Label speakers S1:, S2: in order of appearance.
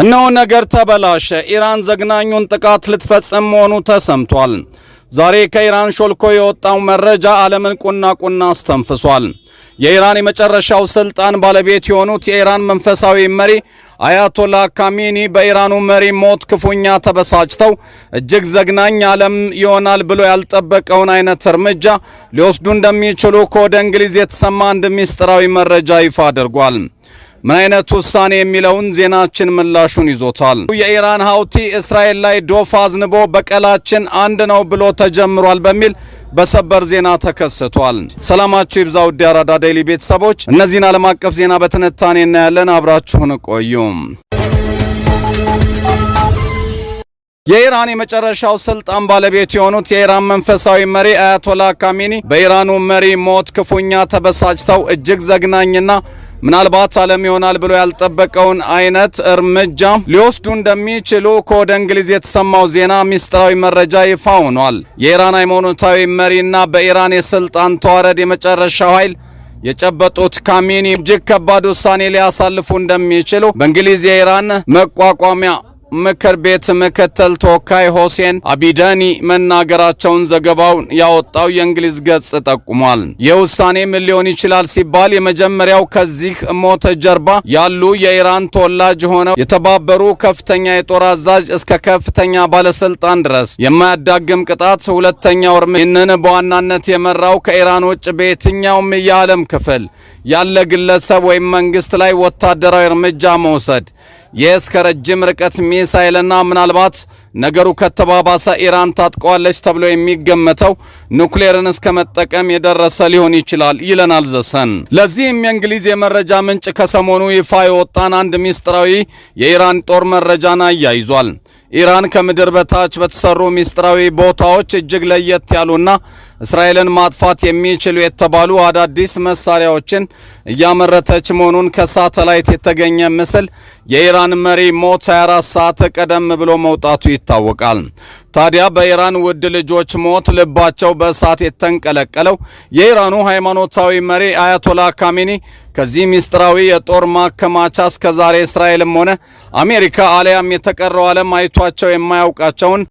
S1: እነሆ ነገር ተበላሸ። ኢራን ዘግናኙን ጥቃት ልትፈጽም መሆኑ ተሰምቷል። ዛሬ ከኢራን ሾልኮ የወጣው መረጃ ዓለምን ቁና ቁና አስተንፍሷል። የኢራን የመጨረሻው ስልጣን ባለቤት የሆኑት የኢራን መንፈሳዊ መሪ አያቶላ ካሚኒ በኢራኑ መሪ ሞት ክፉኛ ተበሳጭተው እጅግ ዘግናኝ ዓለም ይሆናል ብሎ ያልጠበቀውን አይነት እርምጃ ሊወስዱ እንደሚችሉ ከወደ እንግሊዝ የተሰማ አንድ ሚስጥራዊ መረጃ ይፋ አድርጓል። ምን አይነት ውሳኔ የሚለውን ዜናችን ምላሹን ይዞታል። የኢራን ሀውቲ እስራኤል ላይ ዶፍ አዝንቦ በቀላችን አንድ ነው ብሎ ተጀምሯል በሚል በሰበር ዜና ተከስቷል። ሰላማችሁ ይብዛ ውድ ዴይሊ ቤተሰቦች፣ እነዚህን ዓለም አቀፍ ዜና በትንታኔ እናያለን። አብራችሁን ቆዩ። የኢራን የመጨረሻው ስልጣን ባለቤት የሆኑት የኢራን መንፈሳዊ መሪ አያቶላ ካሚኒ በኢራኑ መሪ ሞት ክፉኛ ተበሳጭተው እጅግ ዘግናኝና ምናልባት ዓለም ይሆናል ብሎ ያልጠበቀውን አይነት እርምጃ ሊወስዱ እንደሚችሉ ከወደ እንግሊዝ የተሰማው ዜና ሚስጥራዊ መረጃ ይፋ ሆኗል። የኢራን ሃይማኖታዊ መሪና በኢራን የስልጣን ተዋረድ የመጨረሻው ኃይል የጨበጡት ካሚኒ እጅግ ከባድ ውሳኔ ሊያሳልፉ እንደሚችሉ በእንግሊዝ የኢራን መቋቋሚያ ምክር ቤት ምክትል ተወካይ ሆሴን አቢዳኒ መናገራቸውን ዘገባውን ያወጣው የእንግሊዝ ገጽ ጠቁሟል። የውሳኔ ምን ሊሆን ይችላል ሲባል የመጀመሪያው ከዚህ ሞት ጀርባ ያሉ የኢራን ተወላጅ ሆነው የተባበሩ ከፍተኛ የጦር አዛዥ እስከ ከፍተኛ ባለስልጣን ድረስ የማያዳግም ቅጣት፣ ሁለተኛው እርምጃ ይህንን በዋናነት የመራው ከኢራን ውጭ በየትኛውም የዓለም ክፍል ያለ ግለሰብ ወይም መንግስት ላይ ወታደራዊ እርምጃ መውሰድ የእስከ ረጅም ርቀት ሚሳይልና ምናልባት ነገሩ ከተባባሰ ኢራን ታጥቋለች ተብሎ የሚገመተው ኑክሌርን እስከ መጠቀም የደረሰ ሊሆን ይችላል ይለናል ዘሰን። ለዚህም የእንግሊዝ የመረጃ ምንጭ ከሰሞኑ ይፋ የወጣን አንድ ሚስጥራዊ የኢራን ጦር መረጃን አያይዟል። ኢራን ከምድር በታች በተሰሩ ሚስጥራዊ ቦታዎች እጅግ ለየት ያሉና እስራኤልን ማጥፋት የሚችሉ የተባሉ አዳዲስ መሳሪያዎችን እያመረተች መሆኑን ከሳተላይት የተገኘ ምስል የኢራን መሪ ሞት 24 ሰዓት ቀደም ብሎ መውጣቱ ይታወቃል። ታዲያ በኢራን ውድ ልጆች ሞት ልባቸው በእሳት የተንቀለቀለው የኢራኑ ሃይማኖታዊ መሪ አያቶላ ካሚኒ ከዚህ ምስጢራዊ የጦር ማከማቻ እስከ ዛሬ እስራኤልም ሆነ አሜሪካ አሊያም የተቀረው ዓለም አይቷቸው የማያውቃቸውን